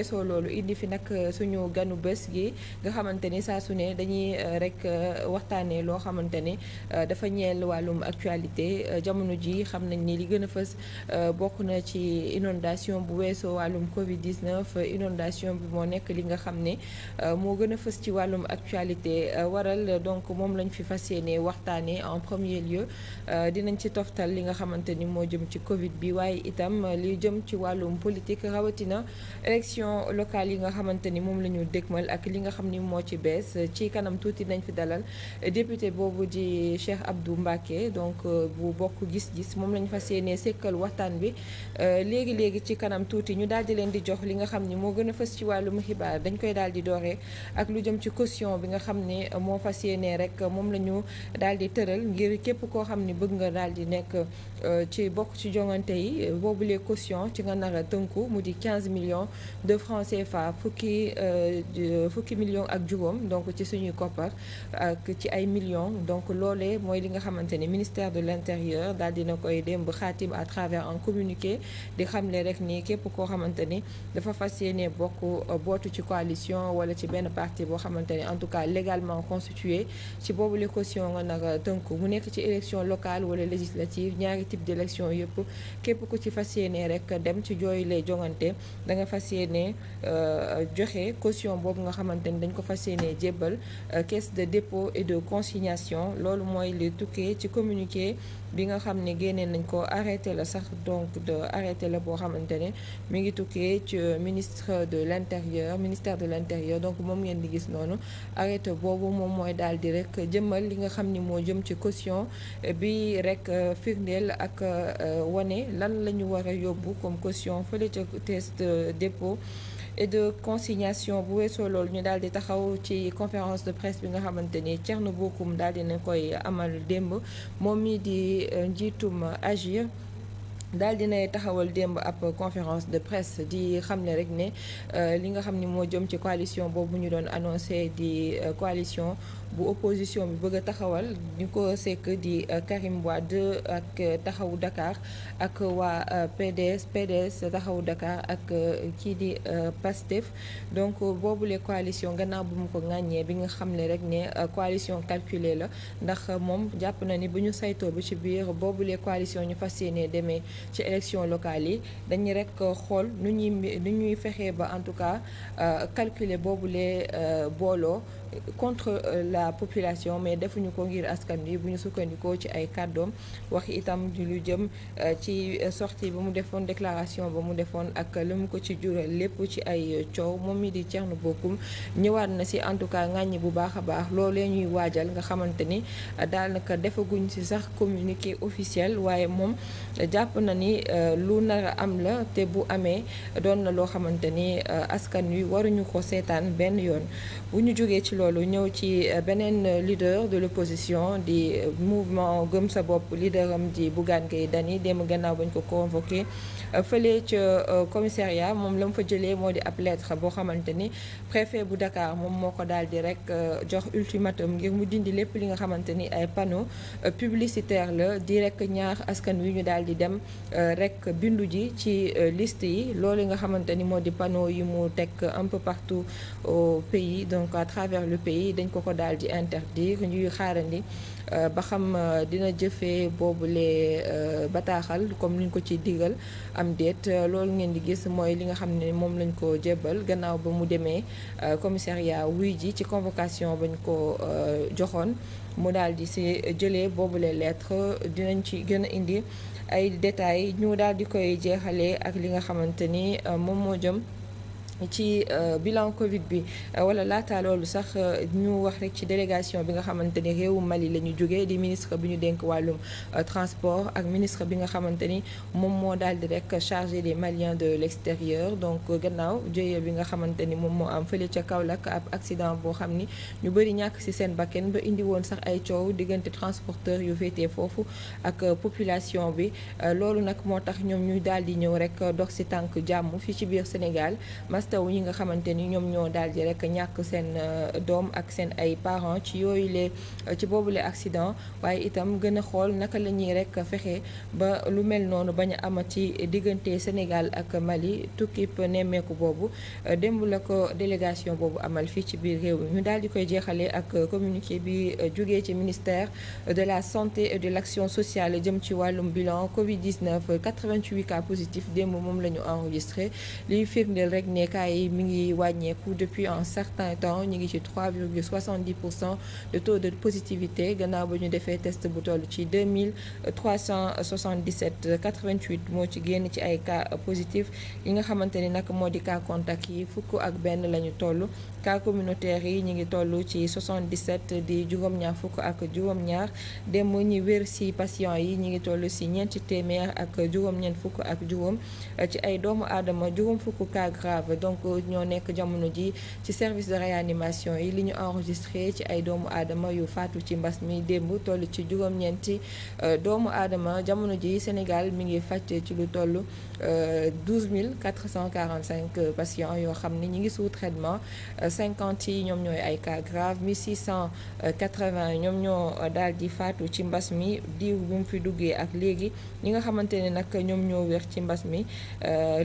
weesoo loolu indi fi nag euh, suñu ganu bés gi nga xamante ni saa su dañuy euh, rek euh, waxtaanee loo xamante ni dafa ñeel wàllum actualité jamono ji xam nañ ni li gën a fës bokk na ci inondation bu weesoo wàllum Covid inondation bi moo nekk li nga xam ne moo gën a fës ci wàllum actualité waral donc moom lañ fi fas yéene waxtaanee en premier lieu dinañ ci toftal li nga xamante ni moo jëm ci Covid bi waaye itam li jëm ci wàllum politique rawatina élection. élection locale yi nga xamante ni moom la ñu dégmal ak li nga xam ni moo ci bees ci kanam tuuti nañ fi dalal député boobu di Cheikh Abdou Mbacké donc euh, bu bokk gis-gis moom la ñu fas yéenee sekkal waxtaan bi euh, léegi léegi ci kanam tuuti ñu daal di leen di jox li nga xam ni moo gën a fës ci wàllum xibaar dañ koy daal di ak lu jëm ci caution bi nga xam ni moo fas yéenee rek moom la ñu daal di tëral ngir képp koo xam ni bëgg nga daal di nekk euh, ci bokk ci jongante yi boobu les ci nga nar di 15 millions francs CFA fukki euh, fukki millions ak juróom donc ci suñuy koppar ak ci ay millions donc loolee mooy li nga xamante ne ministère de l'intérieur daal dina koy démb xaatim à travers un communiqué di xamle rek nii képp koo xamante ni dafa fas yéene bokk euh, bootu ci coalition wala ci benn parti boo xamante ne en tout cas légalement constitué ci boobu les caution nga nag tënk mu nekk ci élection locale wala législative ñaari type d'élection yëpp képp ku ci fas yéene rek dem ci jooyu lay da nga fas yéene yéene euh, joxe caution boobu nga xamante ni dañ ko fas yéene jébbal euh, caisse de dépôt et de consignation loolu mooy li tukkee ci communiqué bi nga xam ne génnee nañ ko arrêté la sax donc de arrêté la boo xamante ne mi ngi tukkee ci euh, ministre de l' ministère de l' intérieur donc moom ngeen di gis noonu arrêté boobu moom mooy daal di rek jëmmal li nga xam ni moo jëm ci caution bi rek firndeel ak wane lan la ñu war a yóbbu comme caution fële ca test dépôt de consignation bu weesoo lool ñu daal di taxaw ci conférence de presse bi nga xamante ni Thierno Bocoum daal dina koy amal démb moom mii di euh, njiitum agir daal dinay taxawal démb ab conférence de presse di xam ne rek ne euh, li nga xam ni moo jom ci coalition boobu ñu doon annoncé di euh, coalition bu opposition bi bëgg a taxawal ñu ko sekk di euh, Karim Wade ak taxawu Dakar ak waa PDS PDS taxawu Dakar ak kii di PASTEF donc boobule coalition gannaaw bu mu ko ŋàññee bi nga xam ne rek ne coalition calculée la ndax moom jàpp na ni bu ñu saytoo bu ci biir lee coalition ñu fas yéenee demee ci élection locale yi dañuy rek xool nu ñuy nu ñuy fexee ba en tout cas euh, calculer boobulee euh, booloo contre euh, la population mais defuñu ko ngir askan wi bu ñu sukkandikoo ci ay kàddoom wax itam ju lu jëm euh, ci euh, sortie ba mu defoon déclaration ba mu defoon ak li mu ko ci jural lépp ci ay coow moom mi di Thierno Bocoum ñëwaat na si en tout cas ŋàññi bu baax a baax loolee ñuy waajal nga xamante ni daanaka defaguñ ci sax communiqué officiel waaye moom jàpp na ni lu nar am la te bu amee doon na loo xamante ni askan wi waruñu ko seetaan benn yoon bu ñu jógee ci loolu ñëw ci euh, beneen euh, leader de l'opposition di euh, mouvement gëm sa bopp leaderam ji Bougane Gueye Dany démb gannaaw bañ ko convoqué fële ca commissariat moom la mu fa jëlee moo di ab lettre boo xamante ni bu Dakar moom moo ko daal di rek jox ultimatum ngir mu dindi lépp li nga xamante ni ay panneau publicitaire la di rekk ñaax askan wi ñu daal di dem rek bindu ji ci liste yi loolu nga xamante ni moo di panneau yi mu teg un peu partout au pays donc le pays dañ ko ko daal di interdire ñuy xaarandi euh, ba xam euh, dina jëfee boobulee euh, bataaxal comme liñ ko ci digal am déet loolu ngeen di gis mooy li nga xam ne moom lañ ko jébbal gannaaw ba mu demee commissariat wuy ji ci convocation bañ ko joxoon mu daal di si jëlee lee lettre dinañ ci gën a indi ay détails ñu daal di koy jeexale ak li nga xamante ni moom moo jëm ci euh, bilan Covid bi euh, wala laata loolu sax euh, ñu wax rek ci délégation bi nga xamante ni réewu Mali la ñu jógee di ministre bi ñu dénk wàllum transport ak ministre bi nga xamante ni moom moo daal di rek chargé des Maliens de l'extérieur donc gannaaw jëye bi nga xamante ni moom moo am fële ca Kaolack ab accident boo xam ni ñu bëri ñàkk ci seen bakken ba indi woon sax ay coow diggante transporteur yu féetee foofu ak population bi loolu nag moo tax ñoom ñuy daal di ñëw rek dox ci tànk jàmm fii ci biir Sénégal. mastaw yi nga xamante ni ñoom ñoo daal di rek ñàkk seen euh, doom ak seen ay parents ci yooyu lee euh, ci boobule accident waaye itam gën a xool naka la ñuy rek fexe ba lu mel noonu bañ a amati diggante Sénégal ak Mali tukkib nemmeeku boobu euh, démb la ko délégation boobu amal fii ci biir réew mi ñu daal di koy jeexale ak communiqué bi jógee ci ministère de la santé et de l'action sociale jëm ci wàllum bilan Covid 19 88 cas positifs démb moom la ñu enregistré liy firndeel rek ne cas yi mi ngi wàññeeku depuis un certain temps ñu ngi ci 3,70 pour cent de taux de positivité gannaaw ba ñu defee test bu toll ci 2377 88 moo ci génn ci ay cas positifs yi nga xamante ni nag moo di cas contact yi fukk ak benn la ñu toll cas communautaire yi ñu ngi tollu ci 77 di juróom-ñaar fukk ak juróom-ñaar démb ñi wér si patient yi ñu ngi toll si ñeenti téeméer ak juróom-ñeent fukk ak juróom ci ay doomu aadama juróom fukk cas grave donc ñoo nekk jamono ji ci service de réanimation yi li ñu enregistré ci ay doomu aadama yu faatu ci mbas mi démb toll ci juróom-ñeenti euh, doomu aadama jamono ji Sénégal mi ngi faj ci lu toll 12 euh, 445 euh, patients yoo xam ni ñi ngi sous traitement 50 yi ñoom ñooy ay cas grave 1680 ñoom ñoo daal di faatu ci mbas mi diw bi mu fi duggee ak léegi ñi nga xamante ne nag ñoom ñoo wér ci mbas mi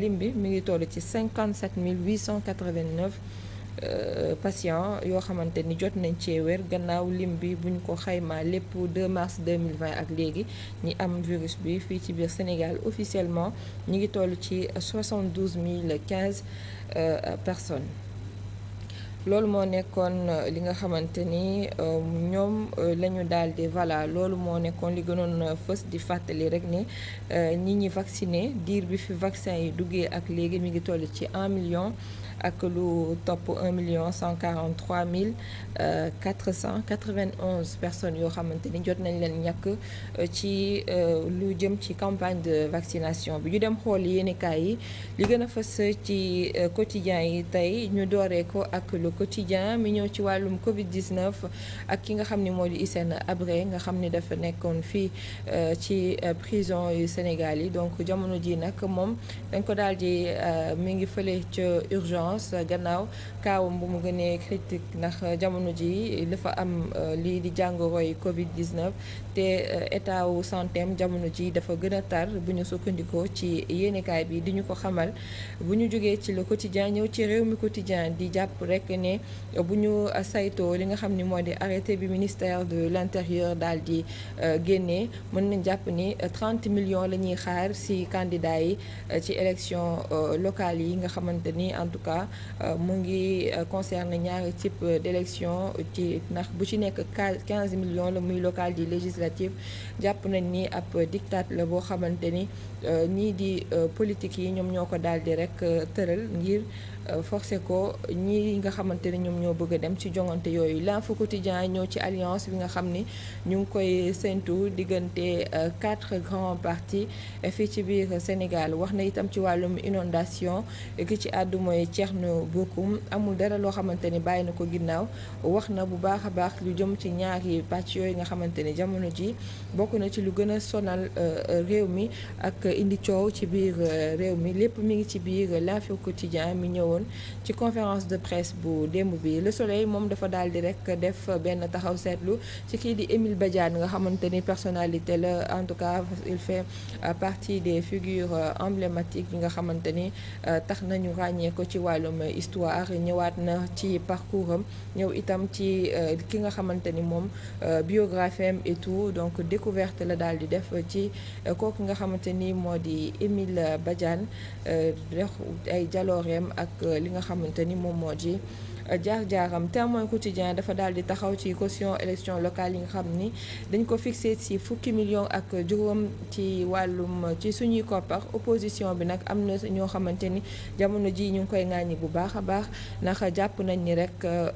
lim bi ngi toll ci 7889 euh, patients yoo xamante ni jot nañ cee wér gannaaw lim bi buñ ko xaymaa lépp 2 mars 2020 ak léegi ñi am virus bi fii ci biir Sénégal officiellement ñi ngi toll ci 72 015 euh, personnes. loolu moo nekkoon euh, li nga xamante ni euh, ñoom euh, la ñu daal di voilà loolu moo nekkoon li gënoon fës di fàttali rek ni ñi ñi vacciné diir bi fi vaccin yi duggee ak léegi mi ngi toll ci 1 million. ak lu topp 1 million 143 mille 491 euh, personnes yoo xamante ni jot nañ leen ñakk euh, ci euh, lu jëm ci campagne de vaccination bi ñu dem xool yéenekaay yi li gën a fës ci quotidien yi tey ñu dooree ko ak le quotidien mi ñëw ci wàllum Covid 19 ak ki nga xam ni moo di Hissène Habré nga xam ni dafa nekkoon fii ci prison yu Sénégal yi donc jamono ji nag moom dañ ko daal di mi ngi fële ca urgence. France euh, gannaaw kaawam bu mu gënee critique ndax euh, jamono ji dafa am euh, lii di jàngoroy Covid 19 te état wu santé jamono ji dafa gën a tar bu ñu sukkandikoo ci yéenekaay bi di ñu ko xamal bu ñu jógee ci le quotidien ñëw ci réew mi quotidien di jàpp rek ne bu ñu saytoo li nga xam ni moo di arrêté bi ministère de l'intérieur daal di génnee mën nañ jàpp ni 30 millions la xaar ci candidats yi ci élection locale yi nga xamante en tout cas Euh, mu ngi euh, concerne ñaari type d'élection ci ndax bu ci nekk quinze millions la muy local di législative jàpp nañ ni ab diktat la boo xamante ni nii euh, di politique yi ñoom ñoo ko daal di rek tëral ngir Euh, forcé ko ñi nga xamante ne ñoom ñoo bëgg a dem ci jongante yooyu l'info quotidien ñoo ci alliance bi nga xam ni ñu ngi koy séntu diggante euh, quatre grands partis euh, fii ci biir Sénégal wax na itam ci wàllum inondation ki ci àddu mooy Thierno Bocoum amul dara loo xamante ni bàyyi na ko ginnaaw wax na bu baax a baax lu jëm ci ñaari pàcc yooyu nga xamante ni jamono ji bokk na ci lu gën a sonal réew mi ak indi coow ci biir réew mi lépp mi ngi ci biir l'info quotidien mi ñëw woon ci conférence de presse bu démb bi Le Soleil moom dafa daal di rek def benn taxaw seetlu ci kii di Émile Badiane nga xamante ni personnalité la en tout cas il fait euh, partie des figures euh, emblématiques yi nga xamante ni euh, tax nañu ràññee ko ci wàllum histoire ñëwaat na ci parcours am ñëw itam ci ki nga xamante ni moom biographie am et tout donc découverte la daal di def ci kooku nga xamante ni moo di Émile Badiane def ay jalooreem ak Euh, li nga xamante ni moom moo ji euh, jaar-jaaram témoin quotidien dafa daal di taxaw ci caution élection locale yi nga xam ni dañ ko fixé ci fukki million ak juróom ci wàllum ci suñuy koppax opposition bi nag am na ñoo xamante ni jamono ji ñu ngi koy nañ bu baax a baax ndax jàpp nañ ni rek euh,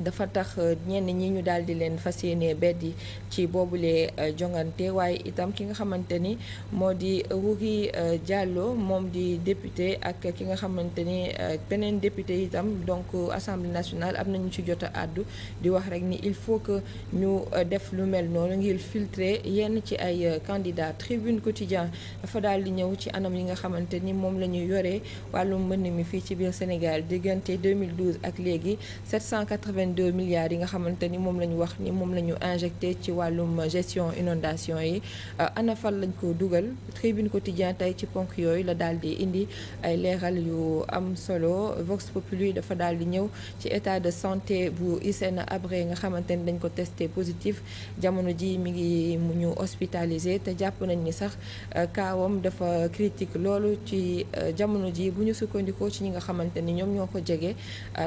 dafa tax euh, ñenn ñi ñu daal di leen fas yéenee beddi ci boobule euh, jongante waaye itam ki nga xamante ni moo di Rougui euh, Diallo moom di député ak ki nga xamante ni beneen député itam donc assemblée nationale am ñu ci jot a àddu di wax rek ni il faut que ñu def lu mel noonu ngir filtrer yenn ci ay candidats tribune quotidien dafa daal di ñëw ci anam yi nga xamante ni moom la yore yoree wàllum mbënn mi fii ci biir Sénégal diggante 2012 ak léegi 780 82 milliards yi nga xamante ni moom la ñu wax ni moom la ñu injecté ci wàllum gestion inondation yi euh, ana fan lañ ko dugal tribune quotidien tey ci ponk yooyu la daal di indi ay leeral yu am solo Vox Populi dafa daal di ñëw ci état de santé bu Hissène Habré nga xamante ni dañ ko testé positif jamono ji mi ngi mu ñu hospitalisé te jàpp nañ ni sax euh, kaawam dafa critique loolu ci euh, jamono ji bu ñu sukkandikoo ci ñi nga xamante ni ñoom ñoo ko jege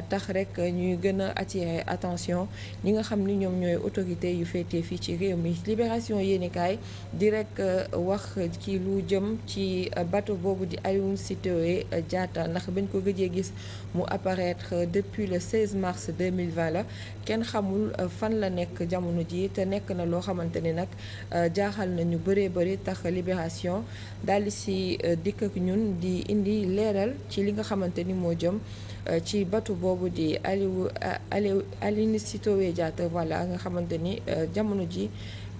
tax rek ñuy gën attention ñi nga xam ni ñoom ñooy autorité yu féetee fii ci réew mi libération yéenekaay di rek euh, wax ci lu jëm ci euh, bateau boobu di Aline Sitoé euh, Diatta ndax bañ ko gëjee gis mu apparaître depuis le 16 mars 2020 la kenn xamul fan la nekk jamono ji te nekk na loo xamante ni nag jaaxal nañu bëree bëri tax libération daal di si dikk ñun di indi leeral ci li nga xamante ni moo jëm Euh, ci batu boobu di Aliou euh, Aline Sitoé walla a nga xamante ni euh, jamono ji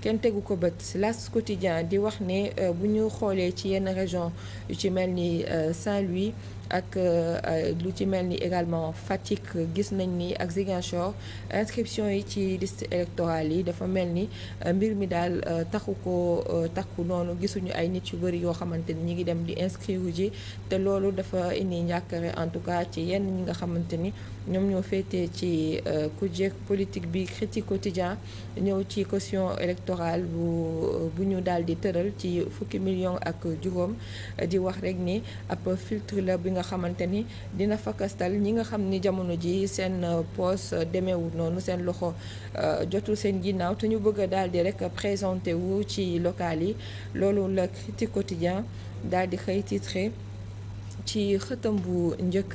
kenn tegu ko bët las quotidien di wax ni euh, bu ñu xoolee ci yenn région yu ci mel ni euh, Saint-Louis ak euh, lu ci mel ni également Fatick gis nañ ni ak Ziguinchor inscription yi ci liste électorale yi dafa mel ni mbir mi daal taxu ko takku noonu gisuñu ay nit yu bëri yoo xamante ni ñi ngi dem di inscrire ji te loolu dafa indi njàkkare en tout cas ci yenn ñi nga xamante ni ñoom ñoo féetee ci ku jeeg politique bi critique quotidien ñëw ci caution électorale bu euh, bu ñu daal di tëral ci fukki million ak juróom euh, di wax rek ni ab filtre la bi nga xamante ni dina fakastal ñi nga xam ni jamono ji seen euh, poste demeewul noonu seen loxo jotul seen ginnaaw te ñu bëgg a daal di rek présenté wu ci local yi loolu la Critique Quotidien daal di xëy titré ci xëtam bu njëkk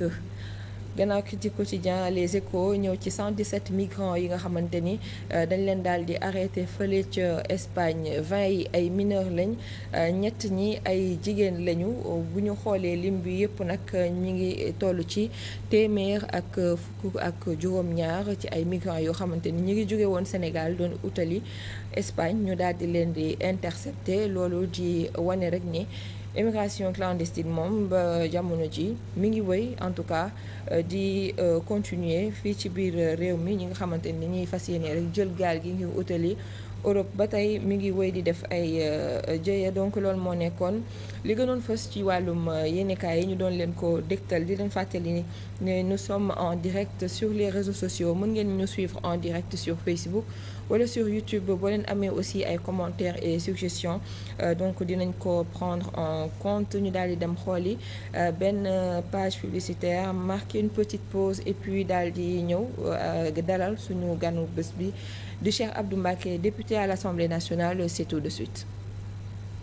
gannaaw critique quotidien les échos ñëw ci 117 migrants yi nga xamante ni euh, dañ leen daal di arrêté fële ca Espagne 20 yi ay mineurs lañ euh, ñett ñi ay jigéen lañu bu ñu xoolee lim bi yëpp nag ñu ngi tollu ci téeméer ak euh, fukk ak juróom-ñaar ci ay migrants yoo xamante ni ñu ngi jóge woon Sénégal doon utali Espagne ñu daal di leen di intercepté loolu di wane rek ni. émigration clandestine moom ba jamono ji mi ngi woy en tout cas euh, di euh, continuer fii ci biir euh, réew mi ñi nga xamante ni ñuy fas yéene rek jël gaal gi ngir utali Europe ba tey mi ngi woy di def ay jëye donc loolu moo nekkoon. li gënoon fës ci wàllum euh, yéenekaay yi ñu doon leen ko dégtal di leen fàttali ni ne nous en direct sur les réseaux sociaux mën ngeen ñu suivre en direct sur Facebook wala sur YouTube boo leen amee aussi ay commentaires et suggestions euh, donc dinañ ko prendre en compte ñu daal di dem xooli euh, benn page publicitaire marquer une petite pause et puis daal di ñëw dalal suñu ganu bés bi di Cheikh Abdou Mbacké député à l'Assemblée nationale c'est tout de suite